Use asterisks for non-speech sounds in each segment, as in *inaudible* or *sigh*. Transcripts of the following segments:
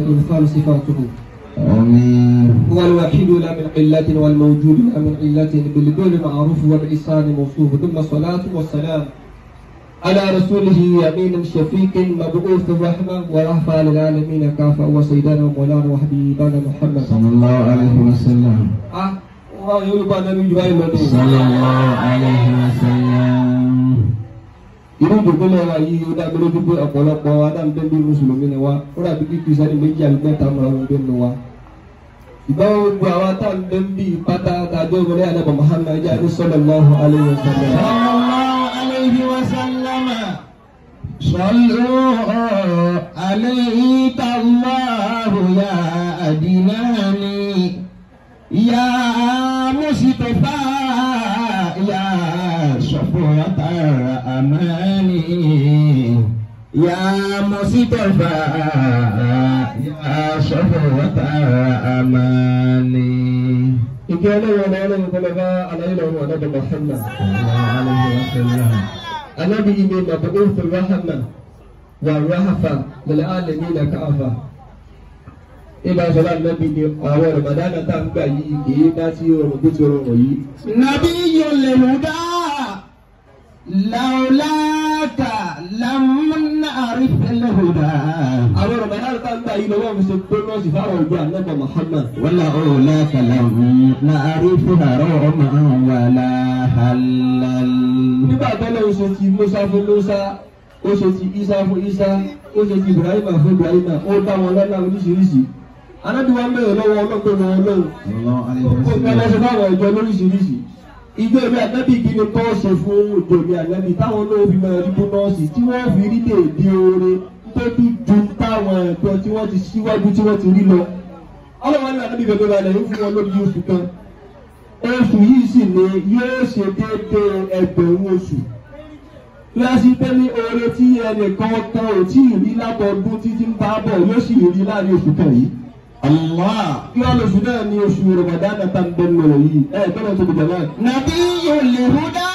يذكر صفاته آمين هو الوحيد لا من قلة والموجود لا من علة بالقول معروف والإحسان موصوف ثم صلاة والسلام على رسوله يمين شفيق مبعوث الرحمة ورحمة للعالمين كافة وسيدنا ومولانا وحبيبنا محمد صلى الله عليه وسلم آه، صلى الله عليه وسلم irú ìdókòlẹ̀ wa yìí ó dábẹ́ lójú pé ọ̀pọ̀lọpọ̀ adáǹdẹ́ bí mùsùlùmí ni wa ó dàbí kíkì sani méjì àbí mẹ́ta mọ̀ ọ́n bẹ́ẹ̀ ni wa. ìbáwo gbogbo àwọn atáǹdẹ́ ń bí pátá tàbí ọmọdé àdàbọ̀ Muhammad jẹ́ àti sallallahu alaihi wa sallam. sallallahu alaihi wa sallam. sallu alaihi tàlláhu yá àdínàní yá mùsùlùmí مطر أماني يا مصطفى يا صفوة أماني ìgbẹ́lẹ̀ wọn náà lẹ́yìn tó lọ bá aláìlọ wọn náà dọ̀bà hànà alábi ìmẹ̀ màbàbí fún rahama wà rahafa lẹ́lẹ́ alẹ́mí na káfa ibà sọlá nàbí ni àwọn Ramadan tá ń gbà yìí kì í dá sí ọrùn bí ti rọrùn yìí. nàbí yóò lè mú dáa làwùláàkà làmúnà àrífẹ́lẹ̀ hùdà. àwọn ọ̀rọ̀ bàbá àlùkò àgbà yìí lọ́wọ́ fi ṣe pẹ́lọ́sì fáwọn ọ̀gbìn àgbà Muhammad. wàlà ọ̀làkà làmúnà àrífẹ́lẹ̀ àrọ̀ ọmọ àwọn wàlà halal. nígbà tọ́lọ́ oṣù ti Musa fún Musa oṣù ti Isa fún Isa oṣù ti Ibrahima fún Ibrahima ó dá wọn lọ́nà oríṣiríṣi anábìwọ́n bẹ̀rẹ̀ lọ́wọ́ ọlọ́gbọ̀n ọlọ́run kó pẹ́ lọ́sẹ̀ fáwọn ọ̀jọ́ lóríṣiríṣi ìjọ ìwé ànábì kí ni kọ́ ṣe fún ìjọ ìwé ànábì táwọn náà fi máa rí bónọ́ọ̀sì tí wọ́n fi rí dèédé oore tó bí ju táwọn ẹ̀tọ́ tí wọ́n ti síwájú tí wọ́n ti rí lọ. ọlọ́wọ́ ní ànábì bẹ̀rẹ̀ balẹ̀ yóò fún wọn lórí oṣù kan oṣù yìí sì ni yóò ṣe déédéé ẹgbẹ̀rún oṣù. lọ́sí pé ní oore tí ẹnìkan kan ò tí ì rí lábọ̀ títí ń bá bọ̀ yóò sì rí láàrin oṣù kan yìí. Allah kí wọn lọ sùn náà ní oṣù Ramadan náà tán bẹ́ẹ̀ lọ yìí ẹ bẹ́ẹ̀ tó dìjà náà. nàbí olùhùdá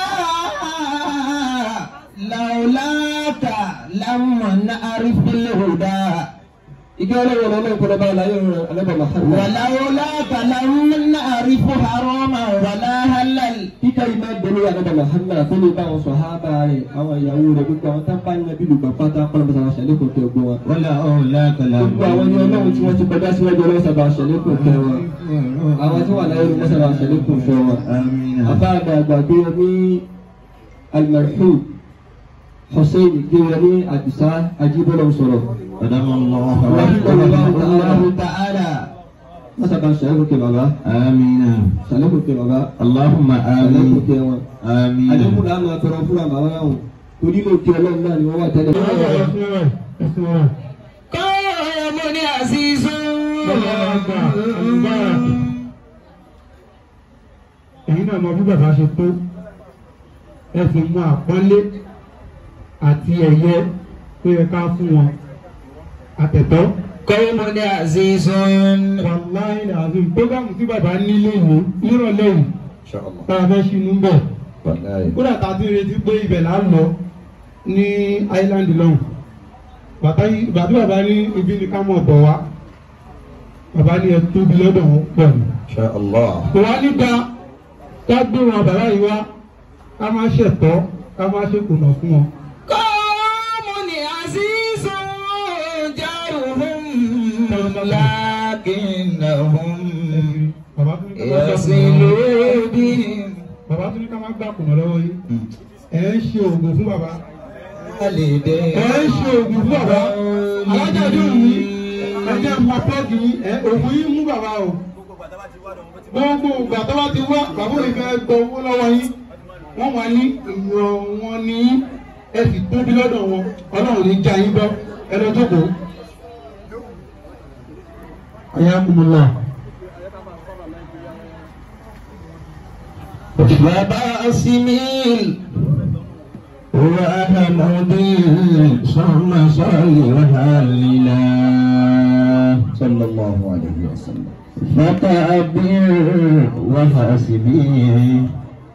làwùláta làwọn náà rí fílẹ̀ hùdá. ike ọlọ́wọ́ lọ́wọ́ ìkọlọ́ bá ọ̀làyé rẹ̀ alẹ́bọ̀ làkàrọ̀. wàlàwùláta làwọn náà rí fún haroma kíkà ìmọ̀ ẹ̀d ànábì Muhammad tó lè bá àwọn sọ̀hábà rẹ̀ àwọn ìyàwó rẹ̀ gbogbo àwọn tábà ní ẹbí lùgbà pátá pọlọpọlọ àwọn ṣàlékún tẹ gbọ wọn. wọ́n là ọ́ lákàlà. gbogbo àwọn ní ọlọ́run tí wọ́n ti kọjá síwájú ọlọ́run sábà ṣàlékún tẹ wọn. àwọn tí wà láyé ló wọ́n sábà ṣàlékún tẹ wọn. afáàgbà àgbàgbé ní almarhum Hussein gbé wọn ní àdìsá ajíbọ́lọ̀ sọ̀rọ̀. ọ̀dọ́ مثلا شعرك بابا آمين شعرك بابا اللهم آمين àmín àdínkù náà máa tọrọ fún àwọn àwọn àwọn onímọ̀ òkè ọlọ́run náà ni wọ́n wà tẹ́lẹ̀. káwọn ọmọ ní àṣìṣe. ẹ̀yin náà mọ bí bàbá ṣe tó ẹ sì mú àpọ́nlé àti ẹ̀yẹ tó yẹ ká fún wọn àtẹ̀tọ́. kọ́wọ́mọ ní àṣìṣe. wàláhìn àṣìṣe tó bá mú bàbá nílé ìwé nírọ̀lẹ́ yìí tá a fẹ́ ṣinú bẹ́ẹ̀ kódà tá a ti retí pé ibẹ̀ là ń lọ ní island lọ́hùn bàtí bàbá ní ibi ní ká mọ̀ bọ̀ wá bàbá ní ẹ tóbi lọ́dọ̀ wọn pọ̀ ní. kò wá níta ká gbé wọn bàbá yìí wá ká má ṣètọ́ ká má ṣèkùnà fún wọn. لكنهم يصلون bàbá tún ní ká má gbà kùnà lọ́wọ́ yín ẹ̀ ń ṣe oògùn fún bàbá ẹ̀ ń ṣe oògùn fún bàbá alájáde òní ẹ̀jẹ̀ máa pọ́ọ̀kì yín òògùn yín mú bàbá o gbogbo ìgbà tó bá ti wá bàbá mi fẹ́ gbọ́ owó lọ́wọ́ yín wọ́n máa ní ìran wọn ní ẹ sì tóbi lọ́dọ̀ wọn ọlọ́run ní já yín bọ́ ẹ lọ jókòó. ayé akumula. وباء سميل وأهم أدين صم صيرها الإله صلى الله عليه وسلم فتأبير وحاسبيه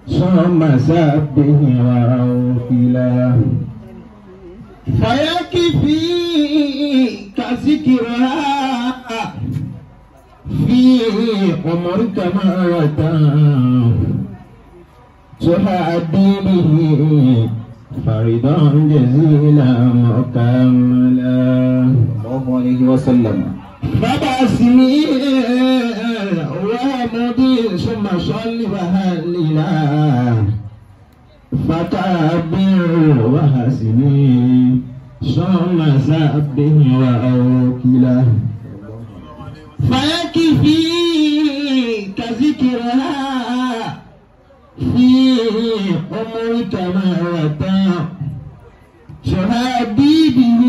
صم سبه وأوكله فيكفيك ذكرها في عمرك مرة شفاء دينه فرضا جزيلا مكملا الله عليه وسلم فباسمي ومضي ثم صل وهللا فتعبر وحسني ثم سبه واوكله فيكفيك ذكرها فيه قمرت مرة شهادي به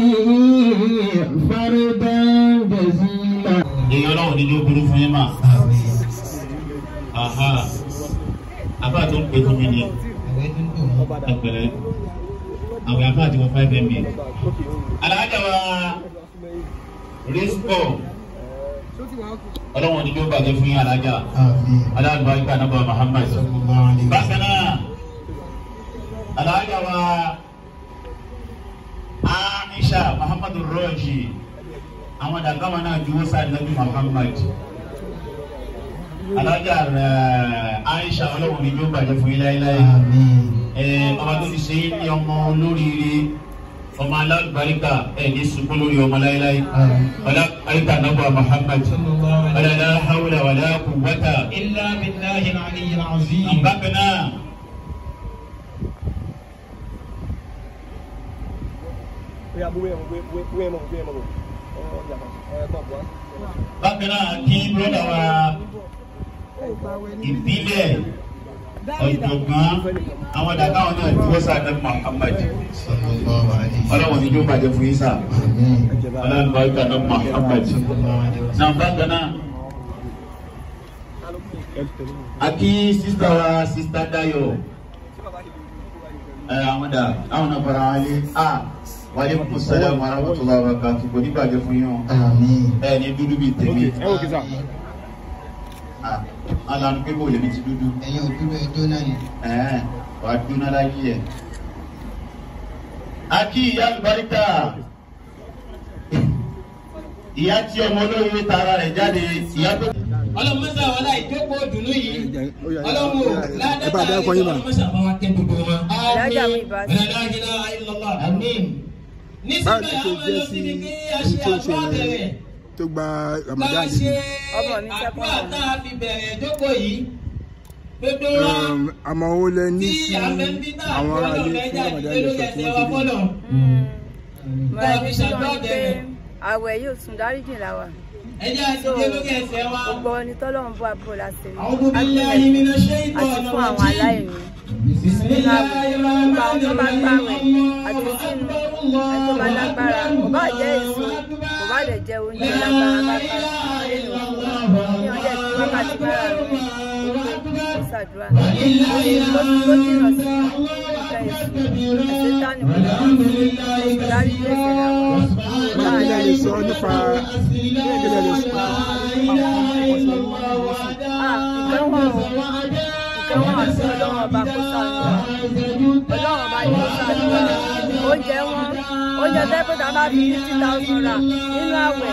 فردا جزيلا èyí ọlọ́run ní ló burú fún yín mà áhà àbá tó ń pè fún mi ni ẹgbẹ̀rẹ̀ àwọn àbá àti wọn five mil alájà wa rísíkọ̀ọ́ ọlọ́wọ́n ni yóò bàjẹ́ fún yín alájà aláàlúbáríkà nàbà Muhammad bákan náà alájà wa Aisha Muhammadu Rọ́ọ̀jì àwọn dàgbà wọn náà juwọ́ sáà nàbì Muhammad alájà Aisha ọlọ́wọ́n ni yóò bàjẹ́ fún yín láéláé ọba tó ti ṣe é ní ọmọ olóríire ọmọ alágbàríkà ẹni sùkú lórí ọmọ láéláé alágbàríkà nàbà Muhammad ọlọlá hawla wàlá quwwata. illa billahi al-aliyyil azim. nǹkan kan náà. bákan náà kí bọ́dà wa ìbílẹ̀ ọ̀jọ̀gbọ́n àwọn dàda wọn náà dúró sáadé Muhammad ọlọ́wọ́n ni yóò bàjẹ́ fún isa ọlọ́wọ́n bá yóò dàda Muhammad náà bákan náà àti sista wa sista Dayo ẹ àwọn dà àwọn náà fara wọn lé a wàlẹ́ mú sálẹ̀ mọ́ arábọ̀tò làwọn kan tó kò ní bàjẹ́ fún yín o ẹ ní dúdú bíi tèmi alanu pé bò lèmi ti dúdú. ẹ̀yin òbí rẹ̀ jóná ni. wà á jóná láyé ẹ̀. a kí ìyá àlùbáríkà ìyá tí ọmọ olóyè tara rẹ̀ jáde ìyá tó. ọlọ́mọṣà wọlé ìjókòó dùnú yìí ọlọ́mọ ládàá yìí ọlọ́mọṣà bá wa kẹ́ gbogbo wọn. àmín ìlànà àmín. nísìnyí àwọn ọlọ́sibí kí a ṣe àgbà bẹ̀rẹ̀ tó gba Ramadan yìí. àdúrà tá a fi bẹ̀rẹ̀ ìjókòó yìí gbogbo wa um, àmọ́ ó lẹ ní sí àwọn ará ilé fún Ramadan yìí sọ tí wọ́n ti dé. tàbí mm. ṣàdúrà bẹ̀rẹ̀. àwẹ̀ yóò sùn dáríjì la wa. ẹjẹ́ àti ìdílé lókè ẹsẹ̀ wa. gbogbo ni tọ́lọ́run bọ́ àbúrò láti rí. àwọn obìnrin ilé ayé mi ló ṣe ìtọ̀ ọ̀nà wọn jí. Bismillahir Rahmanir Rahim. Àti sínú ẹ̀tọ́ bá lágbára. Ọba jẹ́ èso má lè jẹ oúnjẹ lágbára lágbára ní ọjọ́ tí wákàtí bára rẹ̀ ó ṣàdúrà ó ti jìnnà sí ìfẹ́ èso ṣètánì wọn láti lè ṣe àwọn ìlànà ìṣó nípa ìgbésẹ̀ lè sọ àwọn ọmọ ẹ wọ́n àti ọlọ́run ọba kó sáà lọ ọlọ́run ọba yìí kó sáà lọ oúnjẹ wọn. oúnjẹ tẹ́pẹ́ tá a bá fi fifty thousand ra nínú àwẹ̀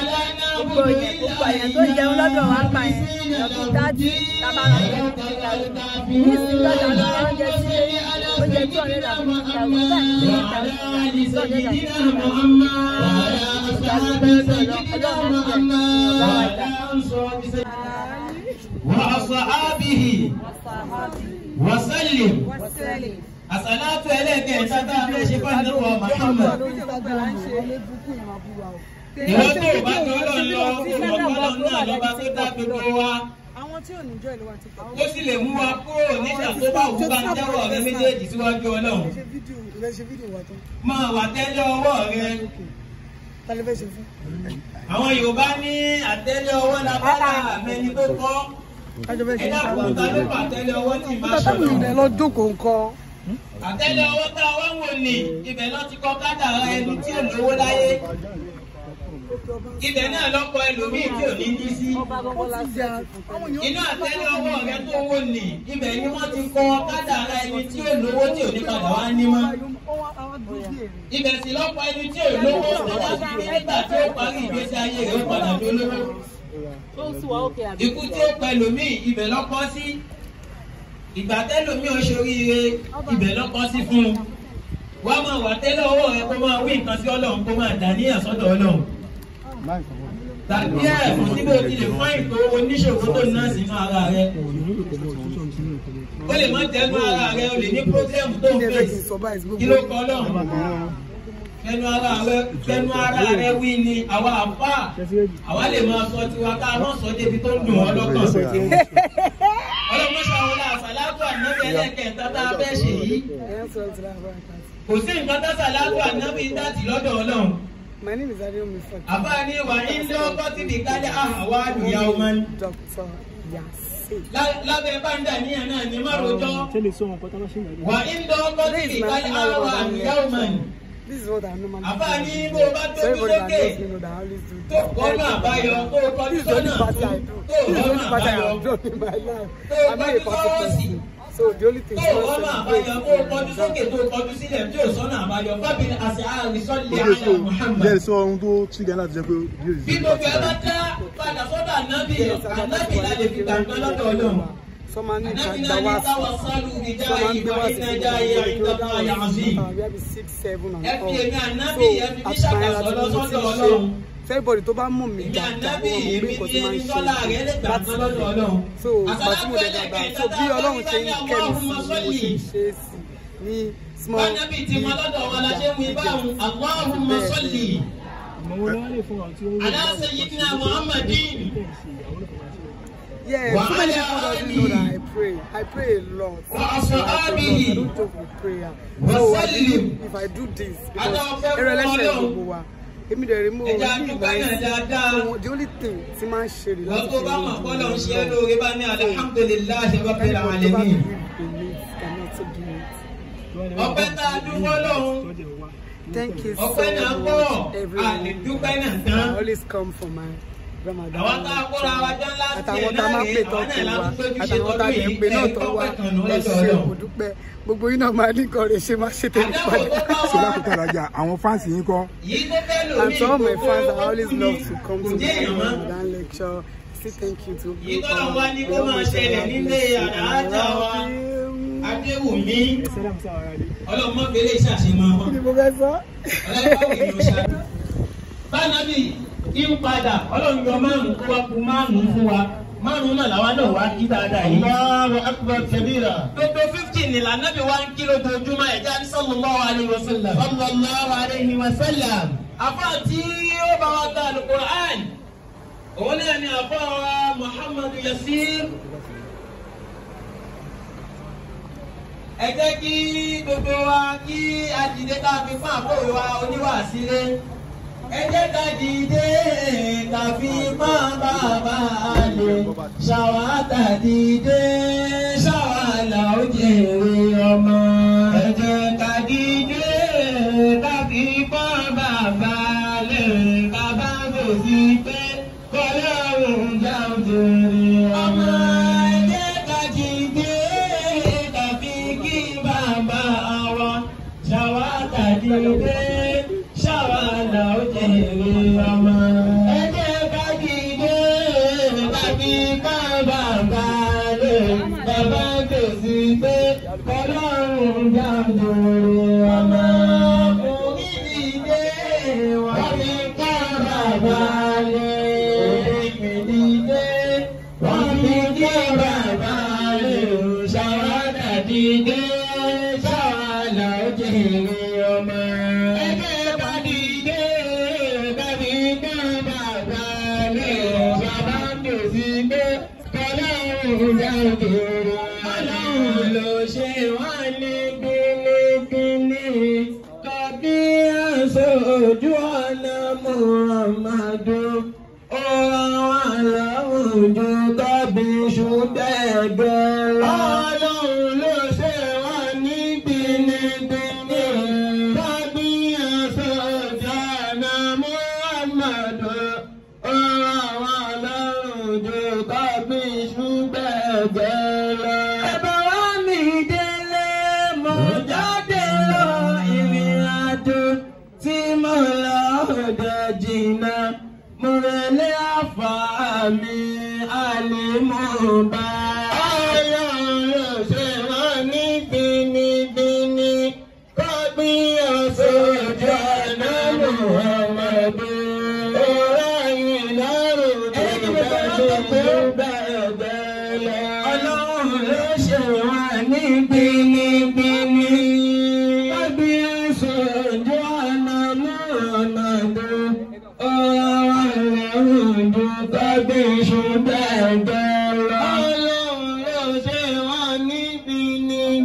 gbogbo yẹn gbogbo àyẹ̀ tó jẹun lọ́dọ̀ wa gbà yẹn lọ́dún dájú tá a bá ra jẹun fifty thousand ní ìsìnkú ọjà ló ra oúnjẹ sí oúnjẹ tí ọ̀rẹ́ rà fún ìta òun bẹ́ẹ̀ ọ̀rẹ́ rà àsàlátù ẹlẹ́ẹ̀kẹta tá a fẹ́ ṣe fáńdọ́wọ́ Muhammad. ìwọ tó o bá tó lọ lọ ọ̀pọ̀lọpọ̀ náà lọ́ba tó dá gbogbo wa. ó sì lè mú wa kúrò nígbà tó bá ń jẹ́wọ́ rẹ méjèèjì síwájú ọlọ́run. máa wà tẹ́lẹ̀ ọwọ́ rẹ. àwọn Yorùbá ní àtẹ́lẹ̀ ọwọ́ la mẹ́ni tó kọ́. ẹ dákun ta ló pàtẹ́lẹ̀ ọwọ́ tí ì àtẹ́lẹ̀ ọwọ́ tá a wá wò ní ibẹ̀ náà ti kọ́ kádàrá ẹni tí ò lówó láyé ibẹ̀ náà lọ́kọ̀ ẹlòmíì tí ò ní ní sí inú àtẹ́lẹ̀ ọwọ́ rẹ tó wò ní ibẹ̀ ni wọ́n ti kọ́ kádàrá ẹni tí ò lówó tí ò ní padà wá ní mọ́ ibẹ̀ sì lọ́pọ̀ ẹni tí ò lówó tọ́lá sí pé nígbà tí ó parí ìgbésí ayé rẹ̀ ó padà dolówó ikú tí ó pẹ̀lú míì ibẹ̀ lọ́pọ̀ sí ìgbà tẹ́lómi ò ṣoríire ibẹ̀ lọ́kọ́ sí fún un wá máa wà tẹ́lẹ̀ ọwọ́ rẹ kó máa wí nǹkan sí ọlọ́run kó máa dàníyàn sọ́dọ̀ ọlọ́run tàbí ẹ̀ kò síbi o ti lè fún ìtò oníṣòwò tó ná sínú ara rẹ o lè má tẹnu ara rẹ o lè ní pírọ́blẹ́mù tó ń fèsì kí ló kọ ọlọ́run fẹnu ara rẹ fẹnu ara rẹ wí ni àwa àfà àwa lè máa sọ tiwa ká má sọ débi tó ń dùn ọ lọ́kàn. *laughs* kò sí nǹkan tá sàlátù ànábì ń lọ́dọ̀ ọlọ́run. My name is Adeo Mifaki. Àbáni wà ní lọ́kọ́ tí mi ká ah, àhàwá àdùyá ọmọ ni. Lábẹ́ báńdà níyàn náà ni má Wà ní lọ́kọ́ tí mi ká àhàwá àdùyá ọmọ ni. This is what I normally do. Àbáni bó bá tóbi lókè. Tó kọ́nà àbáyọ kó kọ́ni sọ́nà tó. Tó kọ́nà àbáyọ. Tó kọ́nà àbáyọ. Tó kọ́nà So the only thing is not sọ́nà àbáyọ kó o kọjú sókè tó o kọjú sílẹ̀ tí o sọ́nà àbáyọ fábìlì àṣà àrísọ́lẹ̀ àyà Muhammad. Bẹ́ẹ̀ sọ ohun tó tún gánà àti jẹ́ pé. Bí gbogbo ẹ bá dá padà sọ́dọ̀ ànábì ànábì la lè fi gbàgbọ́ lọ́dọ̀ Ọlọ́run. Sọ́mà ní ìgbà wá sí sọ́mà ń gbé wá sí ìgbà wá sí ìgbà wá sí fẹ́bọ̀dì tó bá mọ̀ mí dáadáa ó mọ̀ pé nǹkan tí máa ń ṣe láti lọ́dọ̀ so ìgbà mo dẹ̀ dàgbà so bí ọlọ́run ṣe ń kẹ́ mi sí mo ṣe ń ṣe é sí ní small bíi bíi bẹ́ẹ̀ Aláṣẹ yìí ní Muhammadin. Yes, so many people don't know that I pray. I pray a lot. I don't joke with prayer. So I believe if I do this, because erelẹ́sẹ̀ gbogbo wa èmi dẹ̀ rí mú orí ìlànà the only thing tí máa ń ṣe rí láti ṣe rí lọ́wọ́ ń ṣe lóore bá ní alhamdulillahi rabbil alamin. ọpẹ́ tá a dúró lọ́hùn. thank you so much everyone always come for my ramadan àtàwọn tá a máa pè tó tó wa àtàwọn tá a lè pè náà tó wa ẹ ṣe òdúpẹ́ gbogbo yín máa ní nǹkan ṣe máa ṣe tẹ̀lé padà. ṣe lákòókò àlàjà àwọn fans yín kọ́. and to all my fans I always love to come to my Ramadan lecture say thank you to people. yìí tọ́lọ́ wá ní kó máa ṣẹlẹ̀ nílé àdáàjà wa adéwùmí ọlọ́mọ fèrè ṣàṣemọ́ wa ọlọ́mọ ènìyàn ṣàṣemọ́. bánabi kí n padà ọlọ́run yọ márùn-ún kó wá márùn-ún fún wa márùn náà làwọn náà wá kí dáadáa yìí. Allahu akbar kabira. gbogbo fifteen ni lànàbí wa ń kí lójoojúmọ́ ẹ̀já ní sallallahu alayhi wa sallam. sallallahu alayhi wa sallam. àfa tí ó bá wa gba alukur'an òun náà ni àfa wa muhammadu yasir. ẹ jẹ́ kí gbogbo wa kí a dìde tá a fi fún àbúrò wa oníwàásílẹ̀ ẹ jẹ́ ká dìde ká fi pọ́n bàbá lè ṣàwátà dìde ṣàwálà ó jèrè ọmọ. ẹ jẹ́ ká dìde ká fi pọ́n bàbá lè bàbá kò sí pé kọ́lé ọ̀hún já ó Mudega.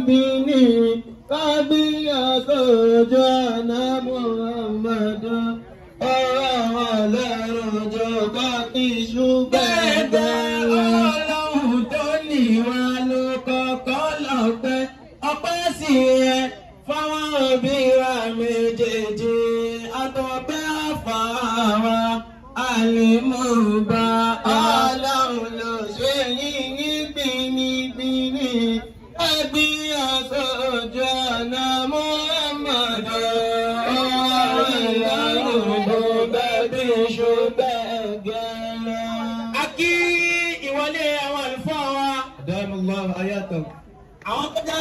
Kabini, Kabini, Kabini, Kabini, Kabini, Kabini,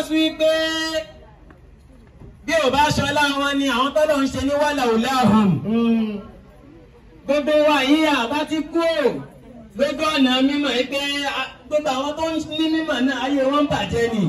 sí wípé bí ò bá ṣọlá wọn ni àwọn tọ́lọ̀ ń ṣe ní wàláhùn gbogbo wa yìí àbá ti kú ò gbogbo ọ̀nà mímọ̀ yìí pé gbogbo àwọn tó ń ní mímọ̀ náà ayé wọn bàjẹ́ ni.